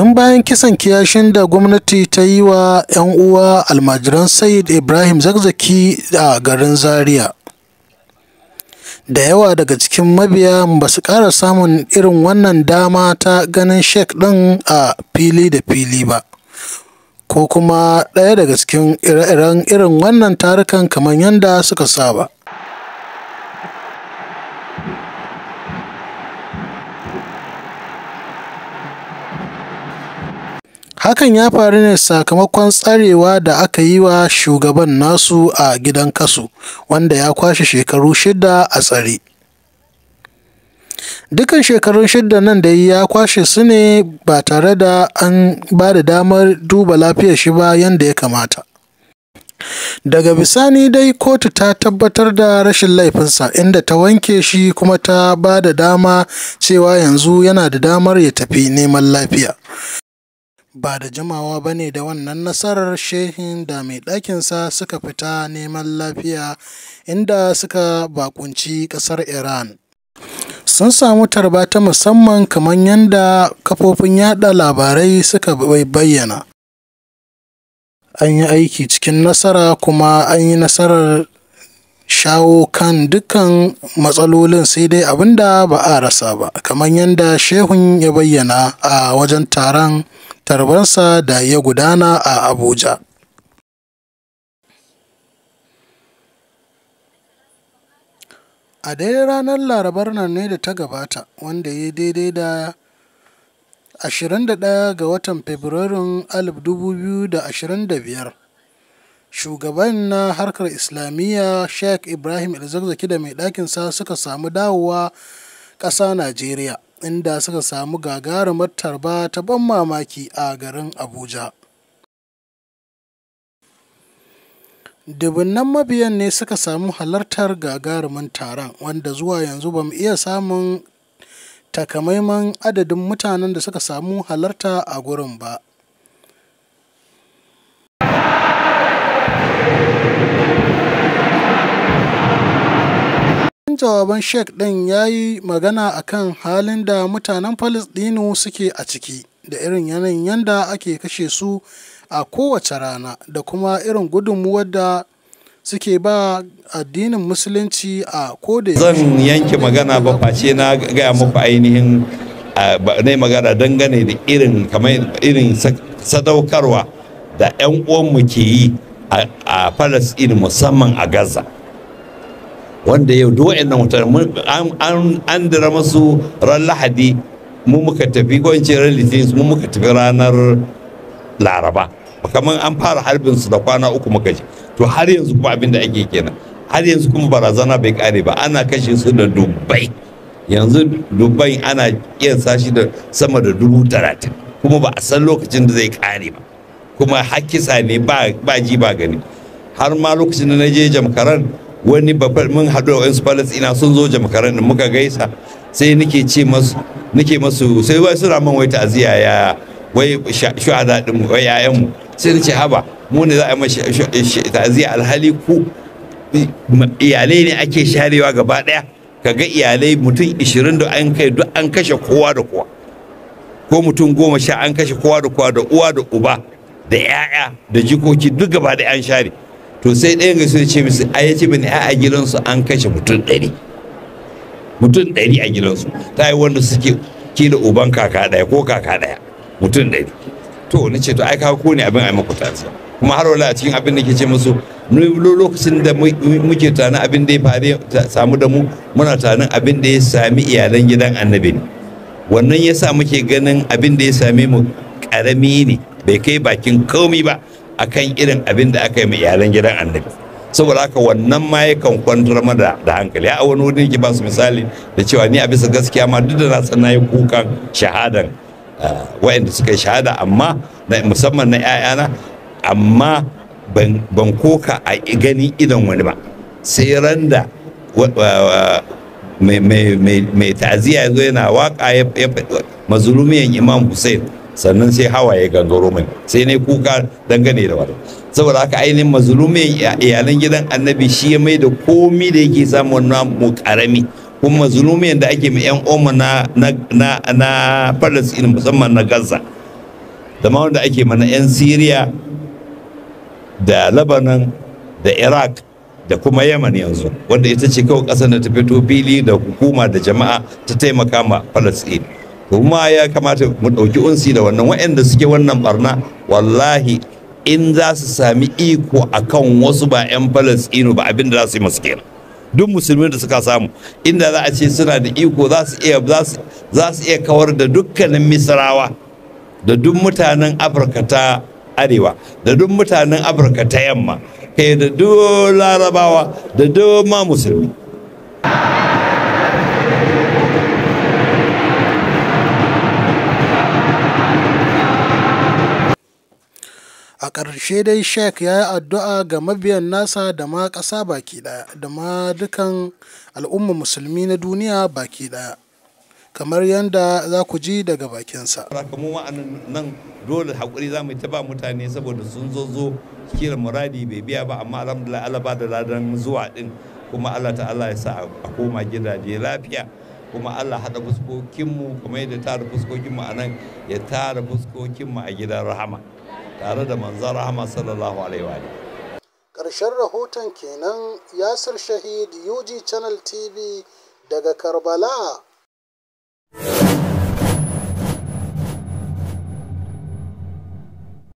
tun bayan kisan kiyashin da gwamnati ta yi wa 'yan uwa almajiran said ibrahim zakzaki a garin zaria da yawa daga cikin mabiya ba su ƙara samun irin wannan dama ta ganin shek ɗin a fili da fili ba ko kuma ɗaya daga cikin ire-iren irin wannan tarukan kamar yadda suka saba Hakan ya faru ne sakamakon tsarewa da aka yi wa shugaban nasu a gidan kaso, wanda ya kwashe shekaru shida a tsare. Dukan shekarun shida nan da ya kwashe su ne ba tare da an ba da damar duba lafiyar shi ba yadda ya kamata. Daga bisani dai kotu ta tabbatar da rashin laifinsa inda ta wanke shi kuma ta ba da dama cewa yanzu yana da damar ya tafi neman lafiya. Ba da jimawa ba ne da wannan nasarar Shehin da mai ɗakinsa suka fita neman lafiya inda suka bakunci ƙasar Iran. sun samu tarba ta musamman kamar yadda kafofin yada labarai suka bayyana. An yi aiki cikin nasara kuma an yi nasarar shawo kan dukkan matsalolin sai dai abinda ba a rasa ba, kamar yadda shehun ya bayyana a wajen taron tarbansa da ya gudana a Abuja. A daidai ranar Larabar nan ne da ta gabata, wanda ya daidai da 21 ga watan Fabrairun 2025. Shugaban na harkar Islamiyya Sheikh Ibrahim Elzakzaki da mai ɗakinsa suka samu dawowa ƙasa Najeriya. inda suka samu gagarumar tarba ta ban mamaki a garin Abuja. Dubunnan mabiyan ne suka samu halartar gagarumin taron wanda zuwa yanzu ba mu iya samun takamaiman adadin mutanen da suka samu halarta a gurin ba. jawaban Sheikh ɗin ya yi magana a kan halin da mutanen Falasɗinu suke a ciki da irin yanayin yanda ake kashe su a kowace rana da kuma irin gudunmuwar da suke ba addinin musulunci a koda zan yanke magana ba face na gaya muku ainihin ne magana dangane da irin irin sadaukarwa da 'yan uwanmu ke yi a falasɗin musamman a gaza wanda yau duk wa'annan mutane an dira masu ran lahadi mu muka tafi ko in ce ran litinin mu muka tafi ranar laraba kamar an fara harbin su da kwana uku muka ji to har yanzu kuma abin da ake kenan har yanzu kuma barazana bai kare ba ana kashe su da dubai yanzu dubai ana iya sashi da sama da dubu talatin kuma ba a san lokacin da zai kare ba kuma hakisa ne ba ji ba gani har ma lokacin da na je jamkaran wani babbar mun haɗu da wasu ina sun zo jamakaran da muka gaisa sai nake ce masu nake masu sai wai suna man wai ta'aziyya ya wai shuhada din wai yayan mu sai nace haba mu ne za a yi ta'aziyya alhali ku iyalai ne ake sharewa gaba daya kaga iyalai mutum 20 da an kai duk an kashe kowa da kowa ko mutum goma sha an kashe kowa da kowa da uwa da uba da 'ya'ya da jikoki duk gaba da an share to sai ɗaya ga sai ce musu a yace bane a a gidansu an kashe mutum ɗari mutum ɗari a gidansu ta yi wanda suke da uban kaka ɗaya ko kaka ɗaya mutum ɗari to na ce to ai kawo ko ne abin a maku tansa kuma har wala a cikin abin da ke ce musu lokacin da muke tana abin da ya faru samu da mu muna tana abin da ya sami iyalan gidan annabi ne wannan yasa muke ganin abin da ya same mu karami ne bai kai bakin komi ba akan irin abin da aka yi ma iyalan gidan annabi saboda haka wannan ma yakan kwantar mada da hankali a wani wurin yake ba su misali da cewa ni a bisa gaskiya ma duk da na san yi kukan shahadan ah, wa'anda suka yi shahada amma musamman na 'ya'yana amma ban koka a gani idan wani ba sai ran da mai ta'aziyya ya zo yana waka ya mazulumiyan imam hussein sannan sai hawaye gangaro min sai ne kuka dangane da wata saboda haka ainihin mazulumin iyalan gidan annabi shi ya mai da komi da yake samu na mu karami kuma mazulumin da ake mai yan oma na na na palestine musamman na gaza da ma wanda ake mana yan Siriya da lebanon da iraq da kuma yaman yanzu wanda ita ce kawai ƙasar da ta fito fili da hukuma da jama'a ta taimaka ma palestine kuma ya kamata mu ɗauki unsi da wannan wa'anda suke wannan barna wallahi in za su sami iko a kan wasu ba 'yan falasɗinu ba abin da za su yi masu kenan duk musulmi da suka samu inda za a ce suna da iko za su iya za su iya kawar da dukkanin misrawa da duk mutanen afirka ta arewa da duk mutanen afirka ta yamma kai da duk larabawa da duk ma musulmi ƙarshe dai Sheikh ya yi addu'a ga mabiyan nasa da ma ƙasa baki ɗaya da ma dukan al'umma musulmi na duniya baki ɗaya. kamar yadda za ku ji daga bakinsa. ma'anin nan dole haƙuri za mu taba mutane saboda sun zo zo kira muradi bai biya ba amma alhamdulillah Allah ba da ladan zuwa din kuma Allah ta'ala ya sa a koma gidaje lafiya kuma Allah haɗa fuskokinmu kuma yadda tara fuskokinmu a nan ya tara fuskokinmu a gidan rahama. tare da manzan rahama sallallahu alaihi wa ƙarshen rahoton kenan yasir shahid ug channel tv daga karbala